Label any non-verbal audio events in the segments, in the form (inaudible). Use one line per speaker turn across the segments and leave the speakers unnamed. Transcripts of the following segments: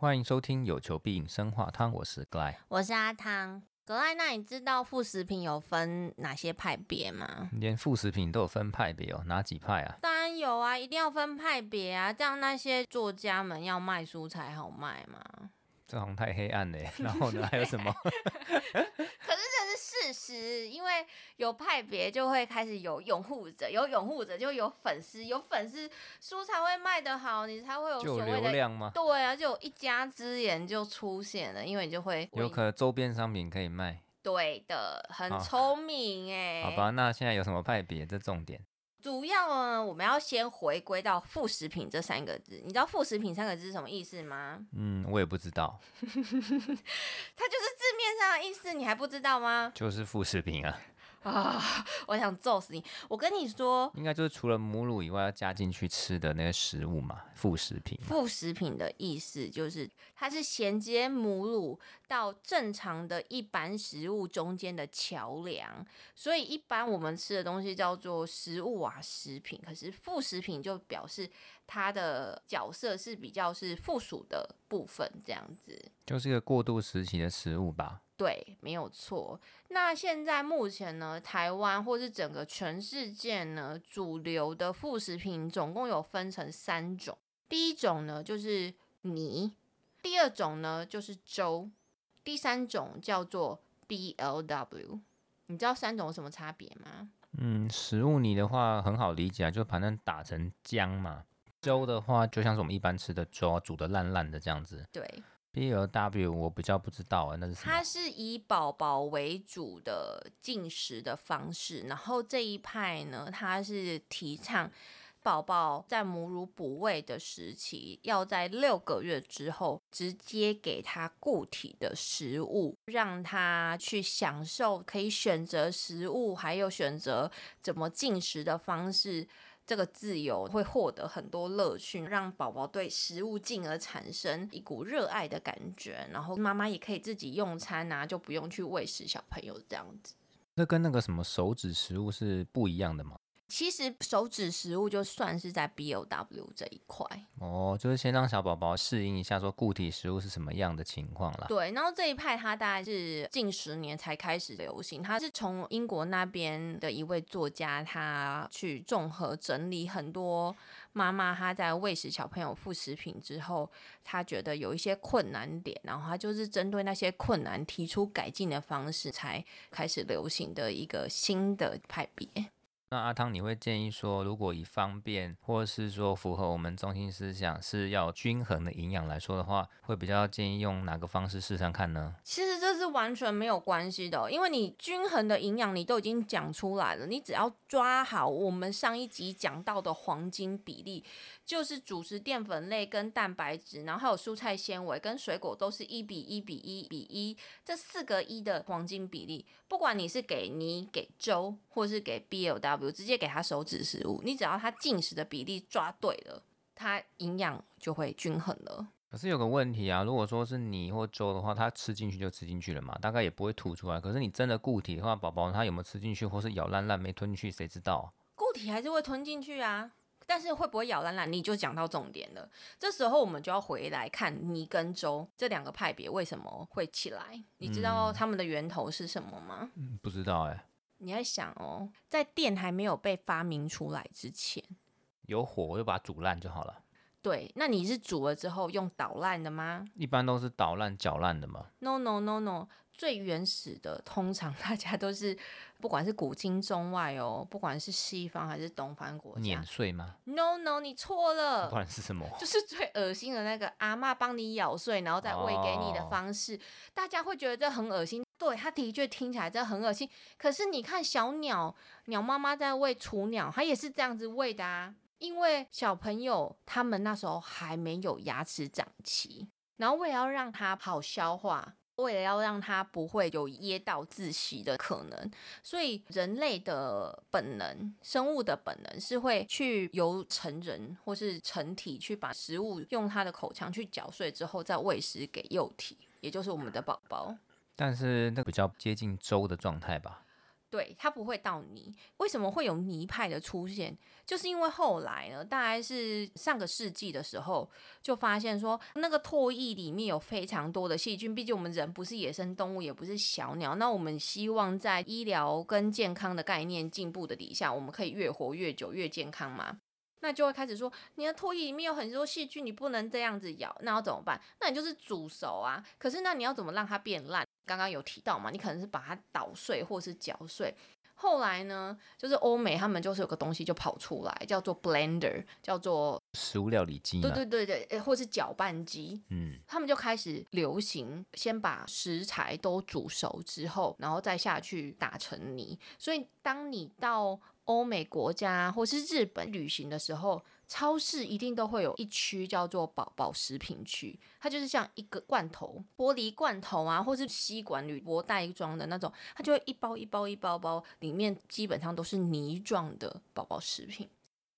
歡迎收聽《有求必應生化湯》，我是 Gai，
我是阿湯。Gai，那你知道副食品有分哪些派別嗎？
連副食品都有分派別哦，哪幾派啊？
當然有啊，一定要分派別啊，這樣那些作家們要賣書才好賣嘛。
這紅太黑暗了，然後呢，還有什麼？ (laughs)
(laughs) 可是這是事實，因為有派別就會開始有擁護者，有擁護者就有粉絲，有粉絲書才會賣得好，你才會有所謂的。有流量嗎？對啊，就有一家之言就出現了，因為你就會有可
能周邊商品可以賣。
對的，很聰明耶。好，好吧，
那現在有什麼派別？這重點。
主要呢，我們要先回歸到“副食品”這三個字。你知道“副食品”三個字是什麼意思嗎？
嗯，我也不知道。
(laughs) 它就是字面上的意思，你還不知道嗎？
就是副食品啊。
啊！我想揍死你！我跟你說，
應該就是除了母乳以外，要加進去吃的那個食物嘛，副食品。
副食品的意思就是，它是銜接母乳到正常的一般食物中間的橋梁。所以一般我們吃的東西叫做食物啊、食品。可是副食品就表示它的角色是比較是附屬的部分，這樣子。
就是一個過渡時期的食物吧。
對，沒有錯。那現在目前呢，台灣或是整個全世界呢，主流的副食品總共有分成三種。第一種呢就是泥，第二種呢就是粥，第三種叫做 BLW。你知道三種有什麼差別嗎？
嗯，食物泥的話很好理解啊，就是反正打成漿嘛。粥的話，就像是我們一般吃的粥，煮得爛爛的這樣子。對。B L W，我比較不知道啊。那是什麼？他
是以寶寶為主的進食的方式，然後這一派呢，他是提倡寶寶在母乳哺餵的時期，要在六個月之後直接給他固體的食物，讓他去享受可以選擇食物，還有選擇怎麼進食的方式。這個自由會獲得很多樂趣，讓寶寶對食物進而產生一股熱愛的感覺。然後媽媽也可以自己用餐啊，就不用去餵食小朋友這樣子。
那跟那個什麼手指食物是不一樣的嗎？
其實手指食物就算是在 BLW 這一塊
哦，就是先讓小寶寶適應一下，說固體食物是什麼樣的情況啦。
對，然後這一派它大概是近十年才開始流行，它是從英國那邊的一位作家，他去綜合整理很多媽媽他在餵食小朋友副食品之後，他覺得有一些困難點，然後他就是針對那些困難提出改進的方式，才開始流行的一個新的派別。
那阿湯，你會建議說，如果以方便，或是說符合我們中心思想是要均衡的營養來說的話，會比較建議用哪個方式試試看呢？
其實這是完全沒有關係的，因為你均衡的營養你都已經講出來了，你只要抓好我們上一集講到的黃金比例，就是主食澱粉類跟蛋白質，然後還有蔬菜纖維跟水果都是一比一比一比一這四個一的黃金比例，不管你是給你給粥，或是給 BLW。比如直接給他手指食物，你只要他進食的比例抓對了，他營養就會均衡了。可是有個問題
啊，如果說是泥或粥的話，他吃進去就吃進去了嘛，大概也不會吐出來。可是你真的固體的話，寶寶他有沒有吃進去，或是咬爛爛沒吞進去，誰知道？
固體還是會吞進去啊，但是會不會咬爛爛，你就講到重點了。這時候我們就要回來看泥跟粥這兩個派別為什麼會起來。嗯，你知道他們的源頭是什麼嗎？嗯，
嗯，不知道哎、欸。
你在想哦，在電還沒有被發明出來之前，
有火我就把它煮爛就好了。
對，那你是煮了之後用搗爛的嗎？
一般都是搗爛、攪爛的嗎
？No no no no，最原始的，通常大家都是，不管是古今中外哦，不管是西方還是東方國家，碾碎嗎？No no，你錯了。不
管是什麼，就
是最惡心的那個阿嬤幫你咬碎，然後再餵給你的方式，哦，大家會覺得這很惡心。對，他的確聽起來真的很噁心。可是你看，小鳥鳥媽媽在餵雛鳥，它也是這樣子餵的啊。因為小朋友他們那時候還沒有牙齒長齊，然後為了要讓他好消化，為了要讓他不會有噎到窒息的可能。所以人類的本能，生物的本能是會去由成人或是成體去把食物用他的口腔去嚼碎之後再餵食給幼體，也就是我們的寶寶。
但是那個比較接近粥的狀態吧，
對，它不會到泥。為什麼會有泥派的出現？就是因為後來呢，大概是上個世紀的時候，就發現說那個唾液裡面有非常多的細菌。畢竟我們人不是野生動物，也不是小鳥。那我們希望在醫療跟健康的概念進步的底下，我們可以越活越久，越健康嘛。那就會開始說，你的唾液裡面有很多細菌，你不能這樣子咬，那要怎麼辦？那你就是煮熟啊。可是那你要怎麼讓它變爛？剛剛有提到嘛，你可能是把它搗碎或是攪碎。後來呢，就是歐美他們就是有個東西就跑出來，叫做 Blender，叫做
食物料理機，對對
對對，或是攪拌機，嗯，他們就開始流行先把食材都煮熟之後，然後再下去打成泥。所以當你到歐美國家或是日本旅行的時候，超市一定都會有一區叫做“寶寶食品區”，它就是像一個罐頭、玻璃罐頭啊，或是吸管鋁箔袋裝的那種，它就會一包一包一包包，裡面基本上都是泥狀的寶寶食品，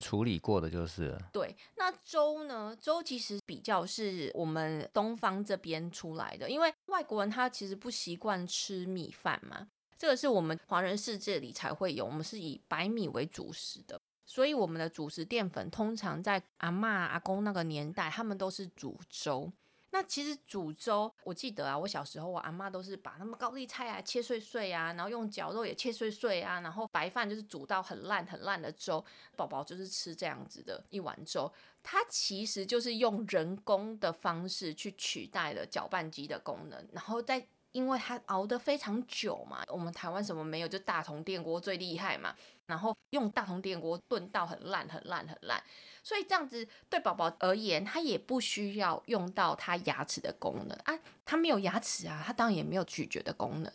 處理過的就是。
對，那粥呢？粥其實比較是我們東方這邊出來的，因為外國人他其實不習慣吃米飯嘛。這個是我們華人世界裡才會有，我們是以白米為主食的，所以我們的主食澱粉通常在阿嬤阿公那個年代，他們都是煮粥。那其實煮粥，我記得啊，我小時候我阿嬤都是把他們高麗菜啊切碎碎啊，然後用絞肉也切碎碎啊，然後白飯就是煮到很爛很爛的粥，寶寶就是吃這樣子的一碗粥。它其實就是用人工的方式去取代了攪拌機的功能，然後在。因為他熬得非常久嘛，我們台灣什麼沒有，就大同電鍋最厲害嘛。然後用大同電鍋燉到很爛、很爛、很爛，所以這樣子對寶寶而言，他也不需要用到他牙齒的功能啊，他沒有牙齒啊，他當然也沒有咀嚼的功能。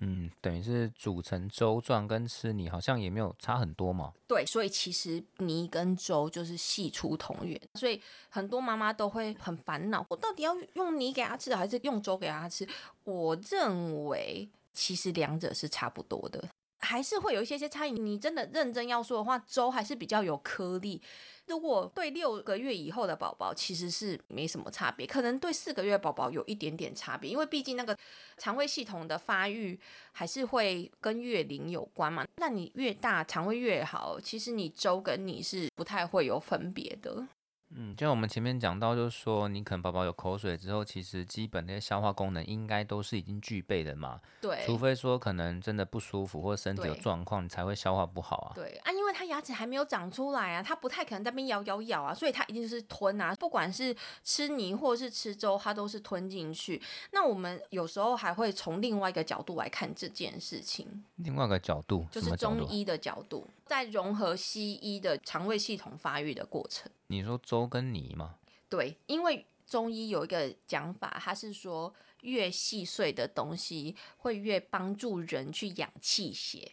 嗯，等於是煮成粥狀，跟吃泥好像也沒有差很多嘛。
對，所以其實泥跟粥就是系出同源所以很多媽媽都會很煩惱，我到底要用泥給他吃還是用粥給他吃？我認為其實兩者是差不多的。還是會有一些些差異。你真的認真要說的話，粥還是比較有顆粒。如果對六個月以後的寶寶，其實是沒什麼差別。可能對四個月的寶寶有一點點差別，因為畢竟那個腸胃系統的發育還是會跟月齡有關嘛。那你越大腸胃越好，其實你粥跟你是不太會有分別的。
嗯，就像我們前面講到，就是說你可能寶寶有口水之後，其實基本那些消化功能應該都是已經具備的嘛。對，除非說可能真的不舒服或身體有狀況，你才會消化不好啊。
對啊，因為他牙齒還沒有長出來啊，他不太可能在邊咬咬咬啊，所以他一定就是吞啊，不管是吃泥或是吃粥，他都是吞進去。那我們有時候還會從另外一個角度來看這件事情。
另外一個角度，就是中醫的
角度，角度在融合西醫的腸胃系統發育的過程。
你說粥跟泥嗎？
對，因為中醫有一個講法，它是說越細碎的東西會越幫助人去養氣血。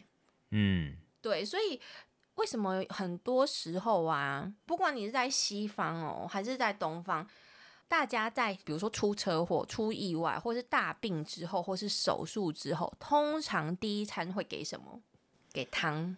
嗯，對，所以為什麼很多時候啊，不管你是在西方哦，還是在東方，大家在比如說出車禍、出意外，或是大病之後，或是手術之後，通常第一餐會給什麼？給湯。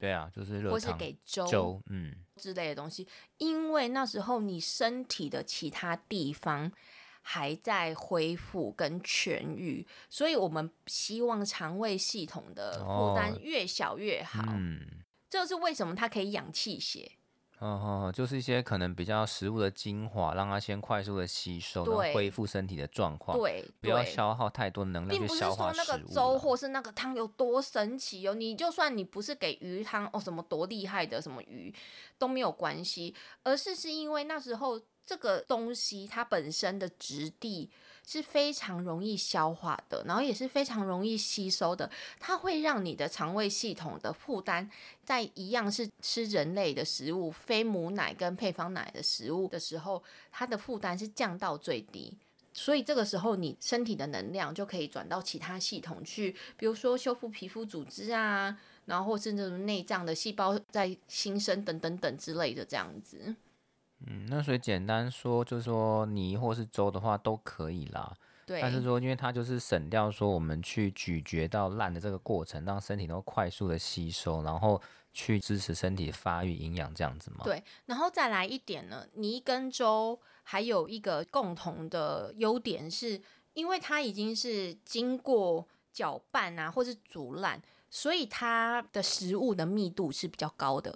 對啊，就是熱，或是給粥，
嗯，之類的東西，因為那時候你身體的其他地方還在恢復跟痊癒，所以我們希望腸胃系統的負擔越小越好。哦，嗯，這是為什麼它可以養氣血。
哦，就是一些可能比較食物的精華，讓它先快速的吸收，恢復身體的狀況。對，對，不要消耗太多能量去消化食物。並不是說那個粥或
是那個湯有多神奇哦，你就算你不是給魚湯哦，什麼多厲害的什麼魚都沒有關係，而是是因為那時候這個東西它本身的質地。是非常容易消化的，然後也是非常容易吸收的。它會讓你的腸胃系統的負擔，在一樣是吃人類的食物、非母奶跟配方奶的食物的時候，它的負擔是降到最低。所以這個時候，你身體的能量就可以轉到其他系統去，比如說修復皮膚組織啊，然後甚至內臟的細胞在新生等等等之類的這樣子。
嗯，那所以簡單說，就是說泥或是粥的話都可以啦。
對。但是說，
因為它就是省掉說我們去咀嚼到爛的這個過程，讓身體能夠快速的吸收，然後去支持身體發育、營養這樣子
嘛。對。然後再來一點呢，泥跟粥還有一個共同的優點是，因為它已經是經過攪拌啊，或是煮爛，所以它的食物的密度是比較高的。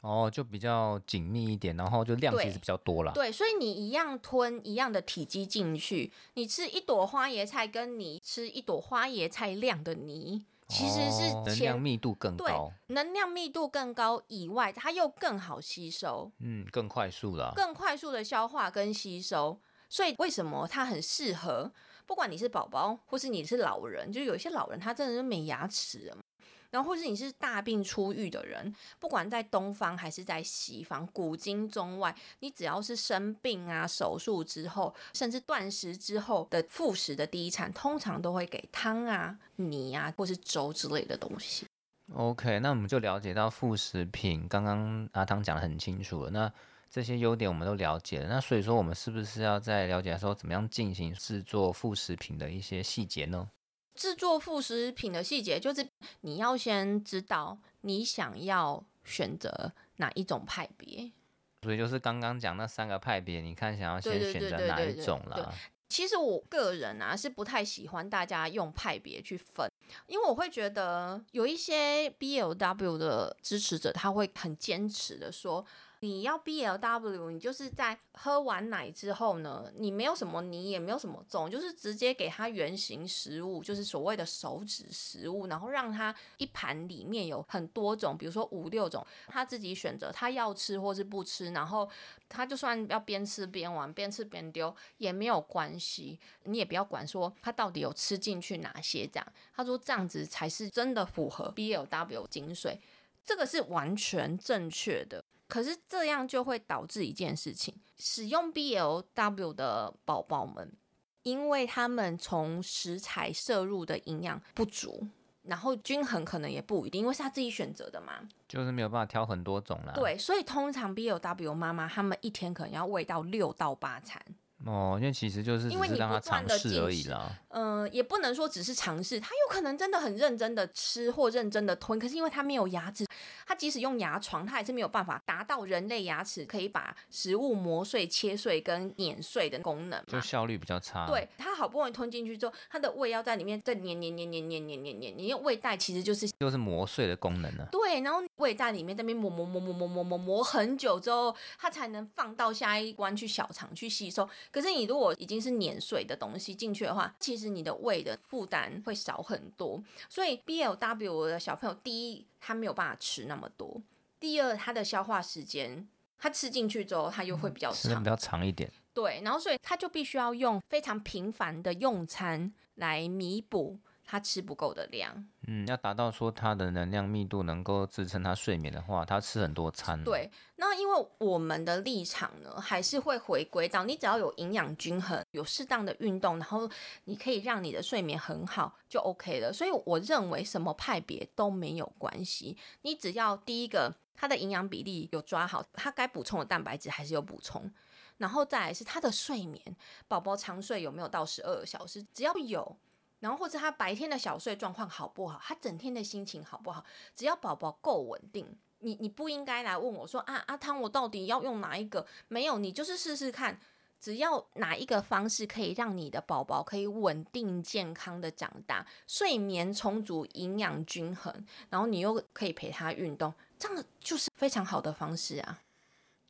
哦，就比較緊密一點，然後就量其實比較多啦。對，
所以你一樣吞一樣的體積進去，你吃一朵花椰菜跟你吃一朵花椰菜量的泥，其實是能量密度更高。能量密度更高以外，它又更好吸收，
嗯，更快速啦，啊，
更快速的消化跟吸收。所以為什麼它很適合？不管你是寶寶，或是你是老人，就有一些老人他真的是沒牙齒。然後，或是你是大病初癒的人，不管在東方還是在西方，古今中外，你只要是生病啊、手術之後，甚至斷食之後的副食的第一餐，通常都會給湯啊、泥啊，或是粥之類的東西。
OK，那我們就了解到副食品，剛剛阿湯講得很清楚了。那這些優點我們都了解了。那所以說，我們是不是要在了解的時候，怎麼樣進行製作副食品的一些細節呢？
製作副食品的細節就是，你要先知道你想要選擇哪一種派別。
所以就是剛剛講那三個派別，你看想要先選擇哪一種啦。
其實我個人啊是不太喜歡大家用派別去分，因為我會覺得有一些 BLW 的支持者他會很堅持的說。你要 BLW，你就是在喝完奶之後呢，你沒有什麼泥也沒有什麼種，就是直接給他原型食物，就是所謂的手指食物，然後讓他一盤裡面有很多種，比如說五六種，他自己選擇他要吃或是不吃，然後他就算要邊吃邊玩邊吃邊丟也沒有關係，你也不要管說他到底有吃進去哪些這樣，他說這樣子才是真的符合 BLW 精髓，這個是完全正確的。可是這樣就會導致一件事情，使用 BLW 的寶寶們，因為他們從食材攝入的營養不足，然後均衡可能也不一定，因為是他自己選擇的嘛，
就是沒有辦法挑很多種啦、啊。
對，所以通常 BLW 媽媽他們一天可能要餵到六到八餐。
哦，因為其實就是因為你剛剛嘗試而已啦。嗯、
呃，也不能說只是嘗試，他有可能真的很認真的吃或認真的吞。可是因為他沒有牙齒，他即使用牙床，它還是沒有辦法達到人類牙齒可以把食物磨碎、切碎跟碾碎的功能。就
效率比較差。對，
他好不容易吞進去之後，他的胃要在裡面再碾碾碾碾碾碾碾碾，因為胃袋其實就
是就是磨碎的功能呢、啊。
對，然後胃袋裡面那邊磨磨磨磨磨磨磨很久之後，他才能放到下一關去小腸去吸收。可是你如果已經是碾碎的東西進去的話，其實你的胃的負擔會少很多。所以 BLW 的小朋友，第一他沒有辦法吃那麼多，第二他的消化時間，他吃進去之後他又會比較長、嗯、時
間比較長一點。
對，然後所以他就必須要用非常頻繁的用餐來彌補。他吃不夠的量，
嗯，要達到說他的能量密度能夠支撐他睡眠的話，他吃很多餐哦。
對，那因為我們的立場呢，還是會回歸到你只要有營養均衡，有適當的運動，然後你可以讓你的睡眠很好，就 OK 了。所以我認為什麼派別都沒有關係，你只要第一個他的營養比例有抓好，他該補充的蛋白質還是有補充，然後再來是他的睡眠，寶寶長睡有沒有到十二小時，只要有。然後或者他白天的小睡狀況好不好，他整天的心情好不好？只要寶寶夠穩定，你你不應該來問我說啊阿湯，我到底要用哪一個？沒有，你就是試試看，只要哪一個方式可以讓你的寶寶可以穩定健康的長大，睡眠充足，營養均衡，然後你又可以陪他運動，這樣就是非常好的方式啊。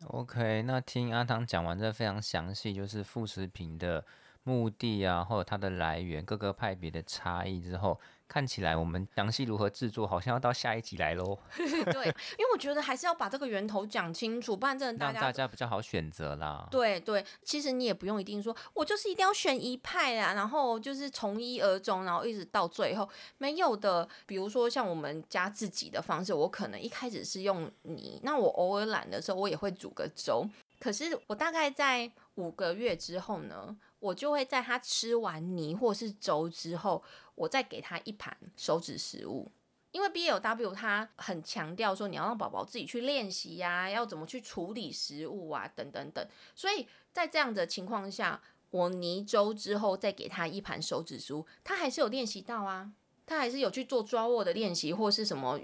OK，那聽阿湯講完這非常詳細，就是副食品的目的啊，或者它的來源，各個派別的差異之後，看起來我們詳細如何製作，好像要到下一集來嘍。 (laughs) (laughs)
對，因為我覺得還是要把這個源頭講清楚，不然真的大家，大家
比較好選擇啦。
對對，其實你也不用一定說我就是一定要選一派啊，然後就是從一而終，然後一直到最後沒有的。比如說像我們家自己的方式，我可能一開始是用泥，那我偶爾懶的時候，我也會煮個粥。可是我大概在五個月之後呢？我就會在他吃完泥或是粥之後，我再給他一盤手指食物，因為 B L W 他很強調說你要讓寶寶自己去練習呀、啊，要怎麼去處理食物啊，等等等。所以在這樣的情況下，我泥粥之後再給他一盤手指食物，他還是有練習到啊。他還是有去做抓握的練習，或是什麼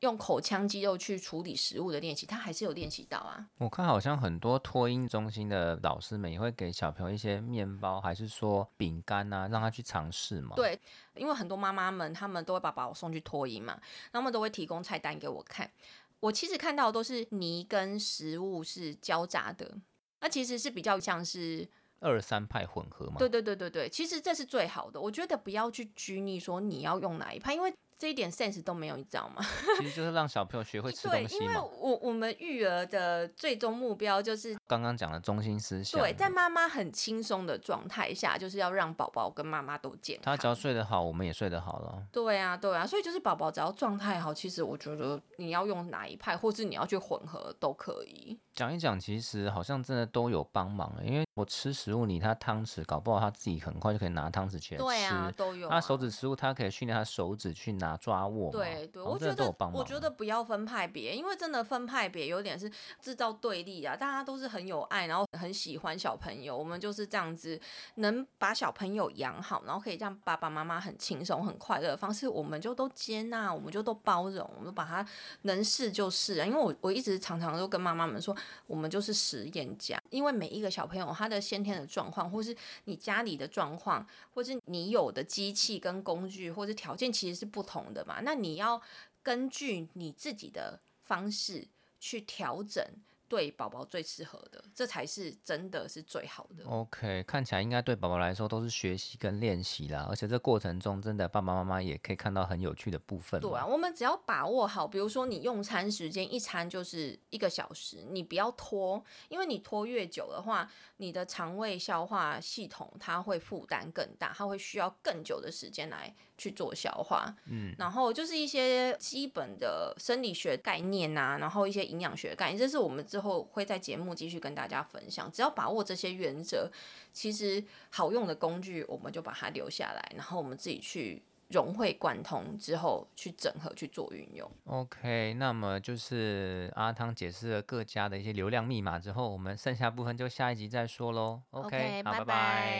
用口腔肌肉去處理食物的練習，他還是有練習到啊。
我看好像很多托嬰中心的老師們也會給小朋友一些麵包，還是說餅乾啊，讓他去嘗試嘛。
對，因為很多媽媽們他們都會把把我送去托嬰嘛，他們都會提供菜單給我看。我其實看到的都是泥跟食物是交雜的，那其實是比較像是。
二三派混合嘛？對
對對對對，其實這是最好的。我覺得不要去拘泥說你要用哪一派，因為這一點 sense 都沒有，你知道嗎？其
實就是讓小朋友學會吃東西嘛。對，因
為我我們育兒的最終目標就是
剛剛講的中心思想。對，
在媽媽很輕鬆的狀態下，就是要讓寶寶跟媽媽都健康。他
只要睡得好，我們也睡得好咯。
對啊，對啊，所以就是寶寶只要狀態好，其實我覺得你要用哪一派，或是你要去混合都可以。
講一講，其實好像真的都有幫忙，因為我吃食物，你他湯匙，搞不好他自己很快就可以拿湯匙去吃對啊，都有、啊。他手指食物，他可以訓練他手指去拿抓握。對對，我覺得我覺
得不要分派別，因為真的分派別有點是製造對立啊。大家都是很有愛，然後很喜歡小朋友，我們就是這樣子能把小朋友養好，然後可以讓爸爸媽媽很輕鬆很快樂的方式我們就都接納，我們就都包容，我們把他能試就試、啊。因為我我一直常常都跟媽媽們說。我們就是實驗家，因為每一個小朋友他的先天的狀況，或是你家裡的狀況，或是你有的機器跟工具，或是條件，其實是不同的嘛。那你要根據你自己的方式去調整。對寶寶最適合的，這才是真的是最好的。
OK，看起來應該對寶寶來說都是學習跟練習啦，而且這過程中真的爸爸媽媽也可以看到很有趣的部分。對啊，
我們只要把握好，比如說你用餐時間一餐就是一個小時，你不要拖，因為你拖越久的話，你的腸胃消化系統它會負擔更大，它會需要更久的時間來去做消化。嗯，然後就是一些基本的生理學概念啊，然後一些營養學概念，這是我們之後後會在節目繼續跟大家分享。只要把握這些原則，其實好用的工具我們就把它留下來，然後我們自己去融會貫通之後去整合、去做運用。
OK，那麼就是阿湯解釋了各家的一些流量密碼之後，我們剩下部分就下一集再說嘍。Okay, OK，好，拜拜。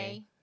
Bye bye